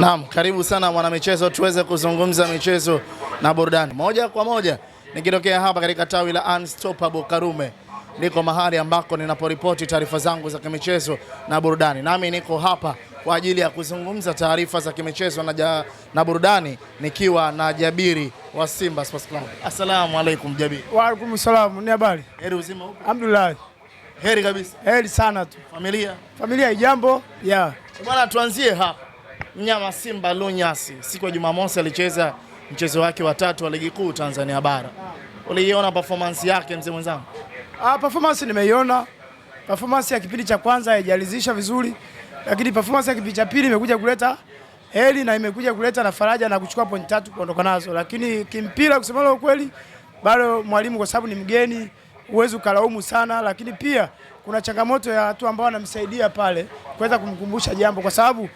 Naam, karibu sana mwana michezo tuweze kuzungumza michezo na burudani moja kwa moja. Nikitokea hapa katika tawi la Unstoppable Karume, niko mahali ambako ninaporipoti taarifa zangu za kimichezo na burudani, nami niko hapa kwa ajili ya kuzungumza taarifa za kimichezo na, ja, na burudani nikiwa na Jabiri wa Simba Sports Club. Asalamu alaykum Jabiri. Wa alaykum salam, Ni habari? Heri uzima upo? Alhamdulillah. Heri kabisa. Heri sana tu. Familia? Familia ijambo? Yeah. Bwana tuanzie hapa. Mnyama Simba Lunyasi siku ya Jumamosi alicheza mchezo wake wa tatu wa ligi kuu Tanzania bara. Uliiona performance yake mzee mwenzangu? Ah, performance nimeiona. Performance ya kipindi cha kwanza haijalizisha vizuri, lakini performance ya kipindi cha pili imekuja kuleta heri na imekuja kuleta na faraja na kuchukua pointi tatu kuondoka nazo, lakini kimpira, kusema leo kweli bado mwalimu, kwa sababu ni mgeni, huwezi ukalaumu sana, lakini pia kuna changamoto ya watu ambao wanamsaidia pale kuweza kumkumbusha jambo, kwa sababu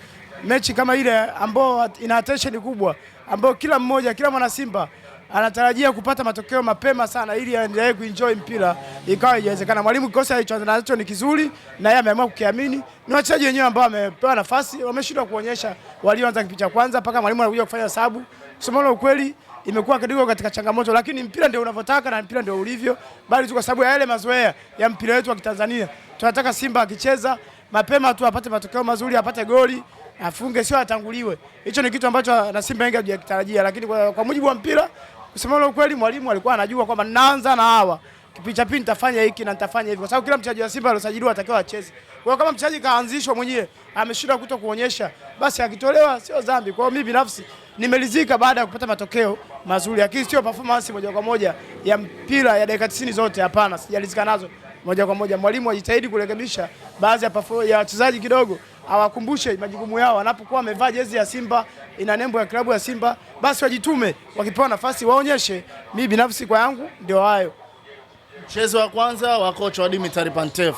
mechi kama ile ambayo ina attention kubwa, ambayo kila mmoja, kila mwana Simba anatarajia kupata matokeo mapema sana ili aendelee kuenjoy mpira, ikawa haiwezekana. Mwalimu kikosi alichonacho ni kizuri, na yeye ameamua kukiamini. Ni wachezaji wenyewe ambao wamepewa nafasi, wameshindwa kuonyesha walioanza kipindi cha kwanza mpaka mwalimu anakuja kufanya hesabu. Kusema la ukweli, imekuwa kidogo katika changamoto, lakini mpira ndio unavyotaka na mpira ndio ulivyo, bali tu kwa sababu ya yale mazoea ya mpira wetu wa Kitanzania tunataka Simba akicheza mapema tu apate matokeo mazuri, apate goli afunge, sio atanguliwe. Hicho ni kitu ambacho na Simba wengi hawajakitarajia, lakini kwa, kwa mujibu wa mpira, kusema ukweli, mwalimu alikuwa anajua kwamba naanza na hawa picha pili nitafanya hiki na nitafanya hivi, kwa sababu kila mchezaji wa Simba aliosajiliwa atakiwa acheze. Kwa kama mchezaji kaanzishwa mwenyewe ameshindwa kuto kuonyesha, basi akitolewa sio dhambi. Kwa hiyo mimi binafsi nimeridhika baada ya kupata matokeo mazuri, lakini sio performance moja kwa moja ya mpira ya dakika 90 zote. Hapana, sijaridhika nazo moja kwa moja. Mwalimu ajitahidi kurekebisha baadhi ya wachezaji kidogo awakumbushe majukumu yao wanapokuwa wamevaa jezi ya Simba ina nembo ya klabu ya Simba, basi wajitume, wakipewa nafasi waonyeshe. mi binafsi kwa yangu ndio hayo. Mchezo wa kwanza wa kocha wa Dimitri Pantev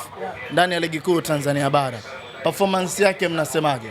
ndani ya ligi kuu Tanzania bara, performance yake mnasemaje?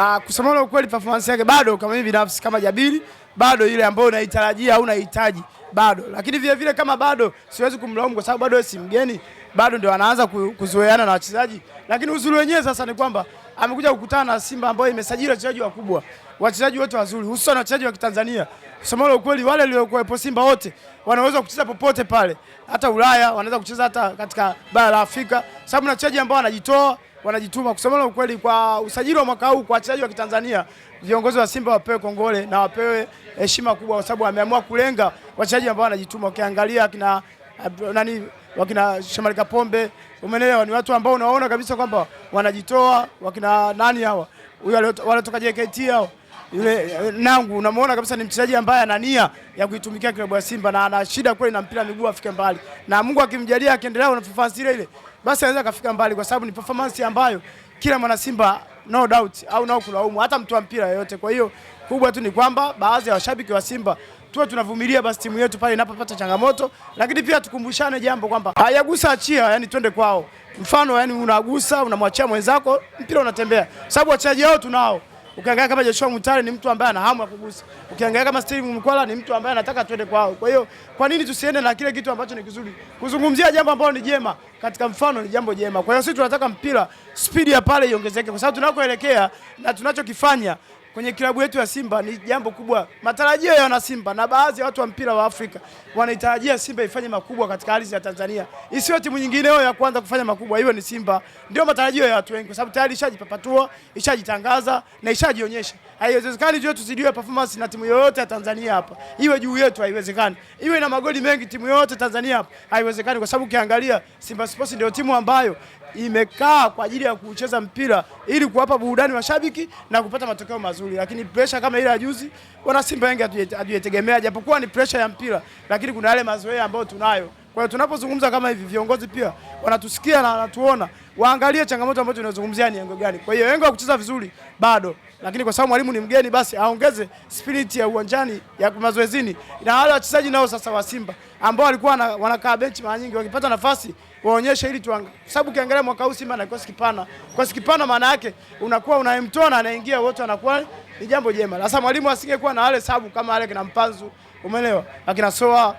Uh, kusema la ukweli performance yake bado kama mimi binafsi kama Jabiri bado ile ambayo unaitarajia au unahitaji bado, lakini vile vile kama bado siwezi kumlaumu kwa sababu bado si mgeni, bado ndio anaanza kuzoeana na wachezaji. Lakini uzuri wenyewe sasa ni kwamba amekuja kukutana na Simba ambayo imesajili wachezaji wakubwa, wachezaji wote wazuri, hususan wachezaji wa Kitanzania. Kusema la ukweli, wale waliokuwepo Simba wote wanaweza kucheza popote pale, hata Ulaya, wanaweza kucheza hata katika bara la Afrika, sababu na wachezaji ambao wanajitoa wanajituma. Kusema ukweli, kwa usajili wa mwaka huu kwa wachezaji wa Kitanzania, viongozi wa Simba wapewe kongole na wapewe heshima kubwa, kwa sababu wameamua kulenga wachezaji ambao wanajituma. Ukiangalia kina eh, nani wakina Shamarika Pombe, umeelewa, ni watu ambao unaona kabisa kwamba wanajitoa. Wakina nani hawa, huyu waliotoka JKT hao yule eh, nangu unamwona kabisa ni mchezaji ambaye ana nia ya kuitumikia klabu ya Simba na ana shida kweli na mpira miguu afike mbali, na Mungu akimjalia akiendelea na performance ile ile, basi anaweza kafika mbali, kwa sababu ni performance ambayo kila mwana Simba no doubt au nao kulaumu hata mtu wa mpira yeyote. Kwa hiyo kubwa tu ni kwamba baadhi ya washabiki wa Simba tuwe tunavumilia basi timu yetu pale inapopata changamoto, lakini pia tukumbushane jambo kwamba hayagusa achia, yani twende kwao. Mfano yani unagusa unamwachia mwenzako mpira unatembea, sababu wachezaji wao tunao Ukiangalia kama Joshua Mutale ni mtu ambaye ana hamu ya kugusa. Ukiangalia kama Steve Mkwala ni mtu ambaye anataka twende kwao. Kwa hiyo kwa nini tusiende na kile kitu ambacho ni kizuri? Kuzungumzia jambo ambalo ni jema katika mfano ni jambo jema. Kwa hiyo sisi tunataka mpira spidi ya pale iongezeke kwa sababu tunakoelekea na tunachokifanya kwenye klabu yetu ya Simba ni jambo kubwa. Matarajio ya Simba na baadhi ya watu wa mpira wa Afrika wanaitarajia Simba ifanye makubwa katika ardhi ya Tanzania, isiyo timu nyingine ya kwanza kufanya makubwa, iwe ni Simba. Ndio matarajio ya watu wengi, kwa sababu tayari ishajipapatua, ishajitangaza na ishajionyesha. Haiwezekani juu tusidiwe performance na timu yoyote ya Tanzania hapa, iwe juu yetu, haiwezekani. Iwe na magoli mengi timu yoyote Tanzania hapa, haiwezekani, kwa sababu ukiangalia Simba Sports ndio timu ambayo imekaa kwa ajili ya kucheza mpira ili kuwapa burudani mashabiki na kupata matokeo mazuri, lakini presha kama ile ya juzi, wana Simba wengi hatujaitegemea, japokuwa ni presha ya mpira, lakini kuna yale mazoea ambayo tunayo. Kwa hiyo tunapozungumza kama hivi, viongozi pia wanatusikia na wanatuona, waangalie changamoto ambayo tunazungumzia ni engo gani. Kwa hiyo engo ya kucheza vizuri bado, lakini kwa sababu mwalimu ni mgeni, basi aongeze spiriti ya uwanjani ya mazoezini, na wale wachezaji nao sasa wa Simba ambao walikuwa wanakaa benchi mara nyingi wakipata nafasi waonyeshe ili tuang... sababu ukiangalia mwaka huu Simba na kikosi kipana. Kikosi kipana maana yake unakuwa na anaingia wote anakuwa ni jambo jema. Sasa mwalimu asingekuwa na wale sababu kama wale kina Mpanzu, umeelewa? Akina Soa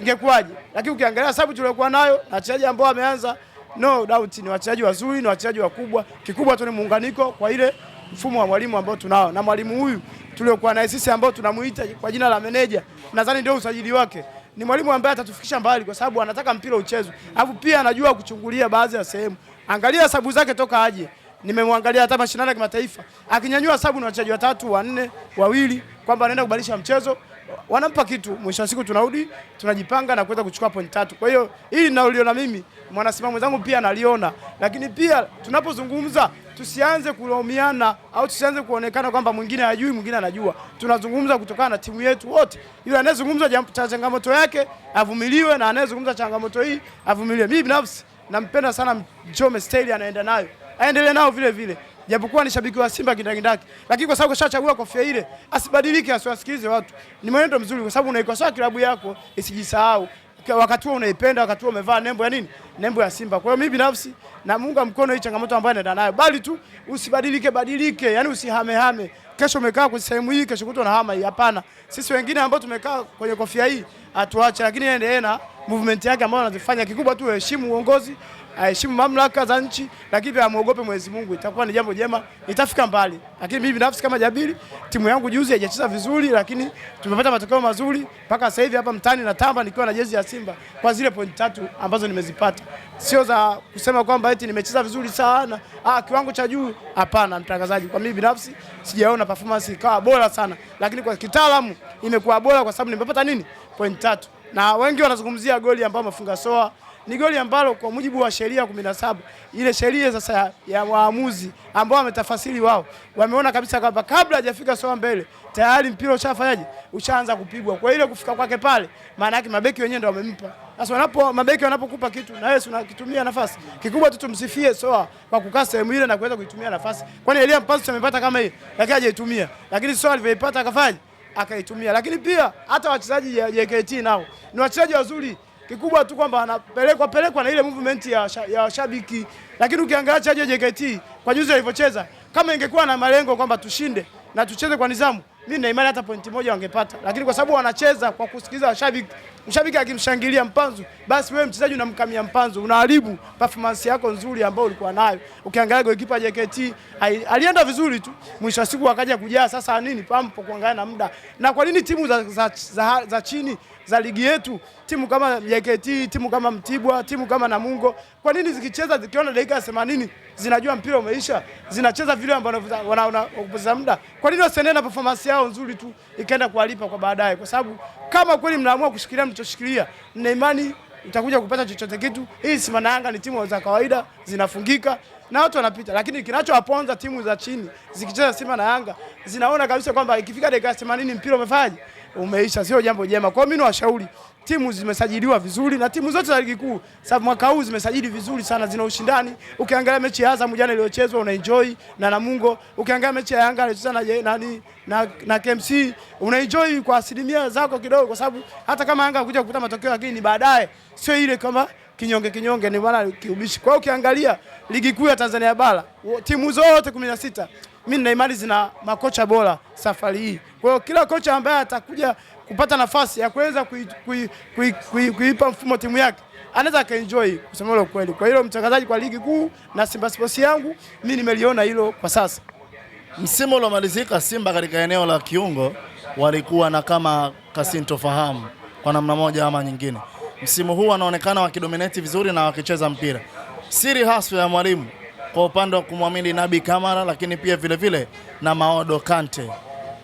ingekuwaje? Lakini ukiangalia sababu tuliokuwa nayo na wachezaji ambao wameanza no doubt ni wachezaji wazuri, ni wachezaji wakubwa. Kikubwa tu ni muunganiko kwa ile mfumo wa mwalimu ambao tunao na mwalimu huyu tuliokuwa naye sisi ambao tunamuita kwa jina la meneja, nadhani ndio usajili wake ni mwalimu ambaye atatufikisha mbali, kwa sababu anataka mpira uchezwe, alafu pia anajua kuchungulia baadhi ya sehemu. Angalia sabu zake toka aje, nimemwangalia hata mashindano ya kimataifa akinyanyua sabu na wachezaji watatu wanne wawili, kwamba anaenda kubadilisha mchezo wanampa kitu. Mwisho wa siku tunarudi tunajipanga na kuweza kuchukua pointi tatu. Kwa hiyo hili naliona mimi, mwanasimba mwenzangu pia analiona, lakini pia tunapozungumza tusianze kulaumiana au tusianze kuonekana kwamba mwingine hajui mwingine anajua. Tunazungumza kutokana na timu yetu wote. Yule anayezungumza changamoto yake avumiliwe, na anayezungumza changamoto hii avumiliwe. Mimi binafsi nampenda sana Mchome, staili anaenda nayo, aendelee nao vile vile japokuwa ni shabiki wa Simba kindakindaki, lakini kwa sababu kashachagua kofia ile asibadilike, asiwasikilize watu. Ni mwenendo mzuri, kwa sababu unaikosoa klabu yako isijisahau wakati huo unaipenda, wakati huo umevaa nembo ya nini? Nembo ya Simba. Kwa hiyo mimi binafsi namuunga mkono hii changamoto ambayo anaenda nayo, bali tu usibadilike badilike, yani usihamehame. Kesho umekaa kwa sehemu hii, kesho kutwa unahama hii. Hapana, sisi wengine ambao tumekaa kwenye kofia hii atuache, lakini yeye ndiye na movement yake ambayo anazifanya, kikubwa tu aheshimu uongozi, aheshimu mamlaka za nchi, lakini pia amuogope Mwenyezi Mungu. Itakuwa ni jambo jema, itafika mbali. Lakini mimi binafsi kama Jabiri, timu yangu juzi haijacheza vizuri, lakini tumepata matokeo mazuri mpaka sasa hivi. Hapa mtani na Tamba nikiwa na jezi ya Simba kwa zile pointi tatu ambazo nimezipata, sio za kusema kwamba eti nimecheza vizuri sana, ah, kiwango cha juu. Hapana mtangazaji, kwa mimi binafsi sijaona performance ikawa bora sana, lakini kwa kitaalamu imekuwa bora kwa sababu nimepata nini point tatu, na wengi wanazungumzia goli ambayo amefunga Soa ni goli ambalo kwa mujibu wa sheria kumi na saba ile sheria sasa ya ya waamuzi ambao wametafasiri wao wameona kabisa kwamba kabla hajafika Soa mbele tayari mpira ushafanyaje, ushaanza kupigwa. Kwa ile kufika kwake pale, maana yake mabeki wenyewe ndio wamempa. Sasa wanapo mabeki wanapokupa kitu na wewe unakitumia nafasi, kikubwa tu tumsifie Soa kwa kukaa sehemu ile na kuweza kuitumia nafasi, kwani Elia Mpasu amepata kama hii, lakini hajaitumia, lakini Soa alivyoipata akafanya akaitumia, lakini pia hata wachezaji ya JKT nao ni wachezaji wazuri, kikubwa tu kwamba wanapelekwa pelekwa na ile movement ya ya washabiki. Lakini ukiangalia wachezaji wa JKT kwa juzi walivyocheza, kama ingekuwa na malengo kwamba tushinde na tucheze kwa nidhamu, mimi na imani hata pointi moja wangepata, lakini kwa sababu wanacheza kwa kusikiliza washabiki Mshabiki akimshangilia Mpanzu, basi wewe mchezaji unamkamia Mpanzu, unaharibu performance yako nzuri ambayo ulikuwa nayo. Ukiangalia golikipa JKT alienda vizuri tu, mwisho wa siku akaja kujaa sasa nini pampo kuangalia na muda. Na kwa nini timu za, za, za, za chini za ligi yetu, timu kama JKT, timu kama Mtibwa, timu kama Namungo, kwa nini zikicheza zikiona dakika ya 80 zinajua mpira umeisha, zinacheza vile ambavyo kupoteza muda. Kwa nini wasiende na performance yao nzuri tu ikaenda kuwalipa kwa baadaye? Kwa sababu kama kweli mnaamua kushikilia mlichoshikilia, mna imani utakuja kupata chochote kitu. Hii Simba na Yanga ni timu za kawaida, zinafungika na watu wanapita, lakini kinachowaponza timu za chini zikicheza Simba na Yanga zinaona kabisa kwamba ikifika dakika 80 mpira umefanyaje umeisha, sio jambo jema. Kwa hiyo mimi nawashauri timu zimesajiliwa vizuri na timu zote za ligi kuu sababu mwaka huu zimesajili vizuri sana, zina ushindani. Ukiangalia mechi ya Azam jana iliyochezwa unaenjoy na Namungo, ukiangalia mechi ya Yanga iliyochezwa na nani na, na KMC unaenjoy kwa asilimia zako kidogo, kwa sababu hata kama Yanga kuja kukuta matokeo, lakini baadaye sio ile kama kinyonge kinyonge, ni bwana kiubishi. Kwa hiyo ukiangalia ligi kuu ya Tanzania bara timu zote 16 mimi nina imani zina makocha bora safari hii. Kwa hiyo kila kocha ambaye atakuja kupata nafasi ya kuweza kuipa kui, kui, kui, kui mfumo timu yake anaweza akaenjoy kusema hilo kweli. Kwa hiyo mtangazaji, kwa ligi kuu na Simba Sports yangu mimi nimeliona hilo kwa sasa. Msimu uliomalizika Simba katika eneo la kiungo walikuwa na kama kasintofahamu kwa namna moja ama nyingine. Msimu huu wanaonekana wakidominate vizuri na wakicheza mpira. Siri haswa ya mwalimu kwa upande wa kumwamini Nabi Kamara, lakini pia vilevile vile na Maodo Kante,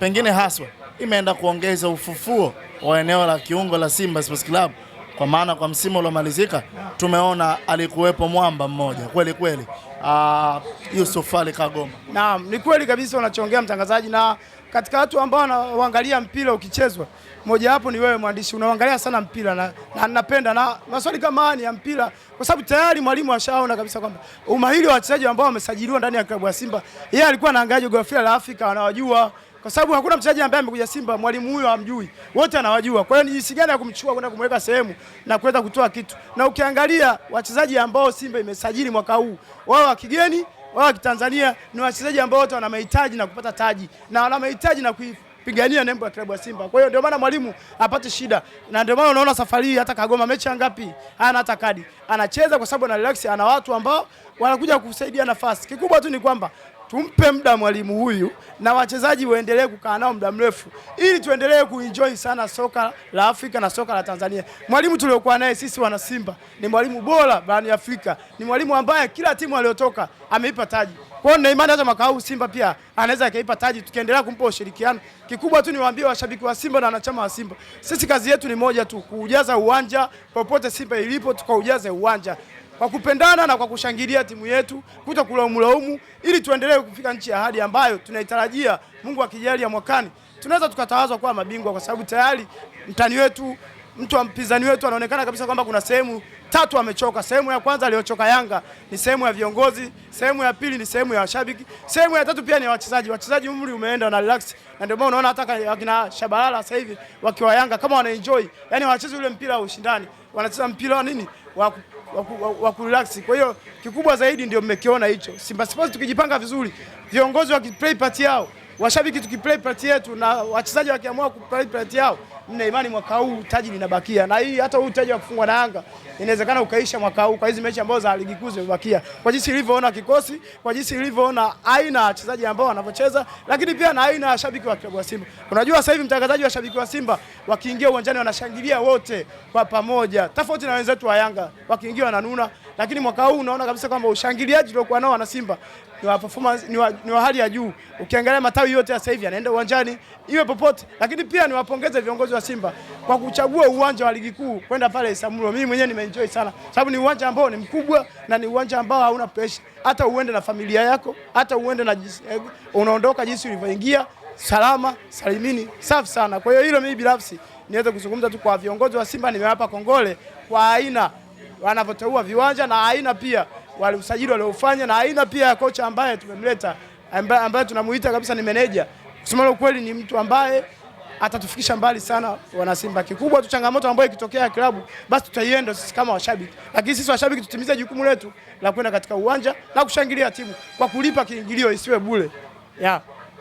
pengine haswa imeenda kuongeza ufufuo wa eneo la kiungo la Simba Sports Club, kwa maana kwa msimu uliomalizika tumeona alikuwepo mwamba mmoja kweli kweli, ah, Yusuf Ali Kagoma. Naam, ni kweli kabisa unachoongea mtangazaji na katika watu ambao wanaangalia mpira ukichezwa, moja wapo ni wewe mwandishi, unaangalia sana mpira na, na napenda na maswali kama haya ya mpira, kwa sababu tayari mwalimu ashaona kabisa kwamba umahiri wa wachezaji ambao wamesajiliwa ndani ya klabu ya Simba, yeye alikuwa anaangalia jiografia la Afrika, anawajua kwa sababu hakuna mchezaji ambaye amekuja Simba mwalimu huyo amjui wote anawajua. Kwa hiyo ni jinsi gani ya kumchukua kwenda kumweka sehemu na kuweza kutoa kitu. Na ukiangalia wachezaji ambao Simba imesajili mwaka huu, wao wa kigeni wao wa Kitanzania ni wachezaji ambao wote wana mahitaji na kupata taji na wana mahitaji na kuipigania nembo ya klabu ya Simba. Kwa hiyo ndio maana mwalimu apate shida, na ndio maana unaona safari hii hata Kagoma mechi ngapi hana hata kadi, anacheza kwa sababu ana relax, ana watu ambao wanakuja kusaidia nafasi. Kikubwa tu ni kwamba tumpe muda mwalimu huyu na wachezaji waendelee kukaa nao muda mrefu, ili tuendelee kuenjoy sana soka la Afrika na soka la Tanzania. Mwalimu tuliokuwa naye sisi wana Simba ni mwalimu bora barani Afrika, ni mwalimu ambaye kila timu aliyotoka ameipa taji. Kwa hiyo na imani hata mwaka huu Simba pia anaweza akaipa taji tukiendelea kumpa ushirikiano. Kikubwa tu niwaambie washabiki wa Simba na wanachama wa Simba, sisi kazi yetu ni moja tu, kuujaza uwanja popote Simba ilipo, tukaujaze uwanja kwa kupendana na kwa kushangilia timu yetu, kuto kulaumulaumu, ili tuendelee kufika nchi ya ahadi ambayo tunaitarajia. Mungu akijali ya mwakani tunaweza tukatawazwa kuwa mabingwa, kwa sababu tayari mtani wetu mtu wa mpinzani wetu anaonekana kabisa kwamba kuna sehemu tatu amechoka. Sehemu ya kwanza aliyochoka Yanga ni sehemu ya viongozi, sehemu ya pili ni sehemu ya washabiki, sehemu ya tatu pia ni wachezaji. Wachezaji umri umeenda na relax, na ndio maana unaona hata wakina Shabalala sasa hivi wakiwa Yanga kama wana enjoy, yani wanacheza ule mpira wa ushindani, wanacheza mpira wa nini wa wa kurelax. Kwa hiyo kikubwa zaidi ndio mmekiona hicho Simba Sports, tukijipanga vizuri, viongozi wakiplay part yao Washabiki tukiplay party yetu na wachezaji wakiamua kuplay party yao, mna imani mwaka huu taji linabakia, na hii hata huu taji wa kufungwa na Yanga inawezekana ukaisha mwaka huu kwa hizi mechi ambazo za ligi kuu zimebakia, kwa jinsi ilivyoona kikosi, kwa jinsi ilivyoona aina ya wachezaji ambao wanavyocheza, lakini pia na aina ya washabiki wa klabu ya Simba. Unajua sasa hivi mtangazaji, washabiki wa Simba wakiingia uwanjani wanashangilia wote kwa pamoja, tofauti na wenzetu wa Yanga wakiingia wananuna lakini mwaka huu unaona kabisa kwamba ushangiliaji tuliokuwa nao wana Simba ni wa performance, ni wa, ni wa hali ya juu. Ukiangalia matawi yote ya sasa hivi yanaenda uwanjani iwe popote, lakini pia niwapongeze viongozi wa Simba kwa kuchagua uwanja wa ligi kuu kwenda pale Isamulo. Mimi mwenyewe nimeenjoy sana, sababu ni uwanja ambao ni mkubwa na ni uwanja ambao hauna pressure. Hata uende na familia yako, hata uende na jisi, eh, unaondoka jinsi ulivyoingia salama salimini, safi sana. Kwa hiyo hilo mimi binafsi niweze kuzungumza tu kwa viongozi wa Simba, nimewapa kongole kwa aina wanavyoteua viwanja na aina pia wale usajili waliofanya na aina pia ya kocha ambaye tumemleta ambaye, ambaye tunamuita kabisa ni meneja. Kusema ukweli ni mtu ambaye atatufikisha mbali sana wana Simba. Kikubwa tu changamoto ambayo ikitokea klabu basi tutaienda sisi kama washabiki, lakini sisi washabiki tutimize jukumu letu la kwenda katika uwanja na kushangilia timu kwa kulipa kiingilio, isiwe bure yeah.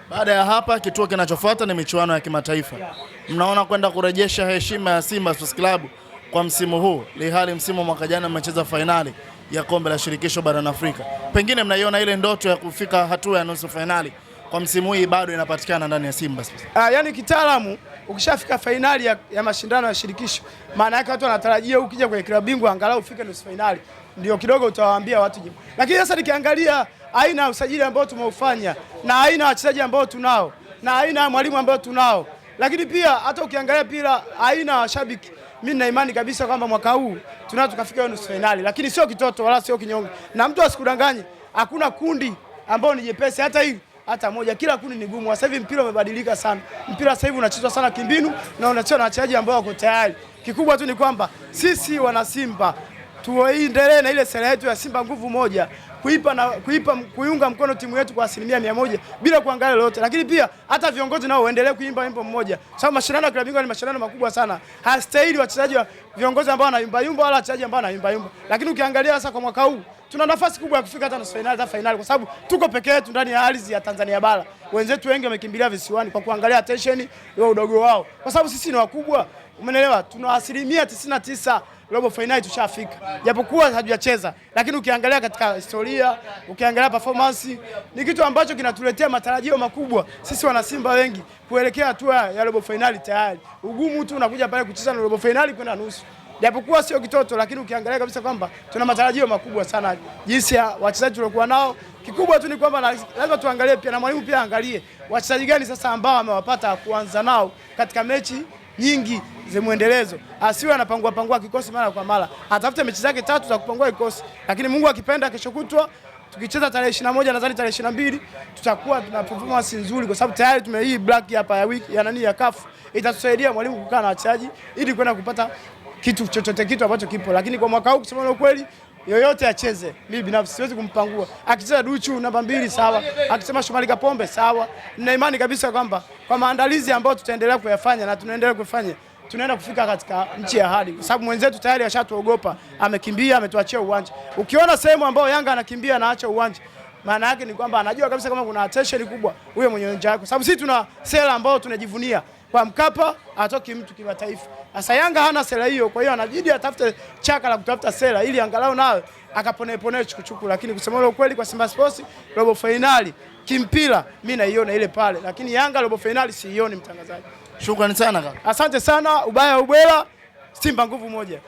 Baada ya hapa kituo kinachofuata ni michuano ya kimataifa yeah. Mnaona kwenda kurejesha heshima ya Simba Sports Club kwa msimu huu, lihali msimu mwaka jana mmecheza fainali ya kombe la shirikisho barani Afrika. Pengine mnaiona ile ndoto ya kufika hatua ya nusu fainali kwa msimu hii bado inapatikana ndani ya Simba sasa. Ah, yani kitaalamu ukishafika fainali ya, ya mashindano ya shirikisho, maana yake watu wanatarajia ukija kwenye klabu bingwa angalau ufike nusu fainali, ndio kidogo utawaambia watu jibu. Lakini sasa nikiangalia aina ya usajili ambao tumeufanya na aina ya wachezaji ambao tunao na aina ya mwalimu ambao tunao, lakini pia hata ukiangalia pia aina ya washabiki mimi nina imani kabisa kwamba mwaka huu tunaweza tukafika nusu finali, lakini sio kitoto wala sio kinyonge, na mtu asikudanganye, hakuna kundi ambao ni jepesi hata hii hata moja. Kila kundi ni gumu. Sasa hivi mpira umebadilika sana, mpira sasa hivi unachezwa sana kimbinu na unachezwa na wachezaji ambao wako tayari. Kikubwa tu ni kwamba sisi wana Simba tuendelee na ile sera yetu ya Simba nguvu moja kuipa na kuipa kuiunga mkono timu yetu kwa asilimia mia moja bila kuangalia lolote, lakini pia hata viongozi nao waendelee kuimba wimbo mmoja, sababu mashindano ya klabu bingwa ni mashindano makubwa sana. Hastahili wachezaji wa viongozi ambao wanaimba yumba wala wachezaji ambao wanaimba yumba. Lakini ukiangalia sasa kwa mwaka huu tuna nafasi kubwa ya kufika hata nusu finali hata finali, kwa sababu tuko peke yetu ndani ya ardhi ya Tanzania bara. Wenzetu wengi wamekimbilia visiwani kwa kuangalia attention wa udogo wao, kwa sababu sisi ni wakubwa, umeelewa? Tuna asilimia tisini na tisa robo finali tushafika, japokuwa hatujacheza, lakini ukiangalia katika historia, ukiangalia performance, ni kitu ambacho kinatuletea matarajio makubwa sisi wanasimba wengi kuelekea hatua ya robo finali Tayari ugumu tu unakuja pale kucheza na robo finali kwenda nusu japokuwa sio kitoto, lakini ukiangalia kabisa kwamba tuna matarajio makubwa sana jinsi ya wachezaji tuliokuwa nao. Kikubwa tu ni kwamba lazima tuangalie pia na mwalimu pia angalie wachezaji gani sasa ambao amewapata kuanza nao katika mechi nyingi zimwendelezo, asiwe anapangua pangua kikosi mara kwa mara, atafute mechi zake tatu za kupangua kikosi, lakini Mungu akipenda, kesho kutwa tukicheza tarehe ishirini na moja nadhani tarehe ishirini na mbili tutakuwa tuna performance nzuri, kwa sababu tayari tume hii black hapa ya wiki ya nani ya kafu itatusaidia mwalimu kukaa na wachezaji ili kwenda kupata kitu chochote kitu ambacho kipo, lakini kwa mwaka huu kusema kweli yoyote acheze, mimi binafsi siwezi kumpangua. Akicheza Duchu namba mbili sawa, akisema Shomari Kapombe sawa. Nina imani kabisa kwamba kwa maandalizi ambayo tutaendelea kuyafanya na tunaendelea kufanya tunaenda kufika katika nchi ya ahadi, kwa sababu mwenzetu tayari ashatuogopa, amekimbia, ametuachia uwanja. Ukiona sehemu ambayo Yanga anakimbia anaacha uwanja, maana yake ni kwamba anajua kabisa kama kuna attention kubwa huyo mwenye uwanja wake, kwa sababu sisi tuna sera ambayo tunajivunia kwa Mkapa atoki mtu kimataifa. Sasa Yanga hana sera hiyo, kwa hiyo anajidi atafute chaka la kutafuta sera ili angalau nawe akaponepone chukuchuku. Lakini kusema ile ukweli, kwa Simba Sports robo finali kimpira, mimi naiona ile pale, lakini Yanga robo finali siioni, mtangazaji. Shukrani sana kaka. Asante sana, ubaya ubwela, Simba nguvu moja.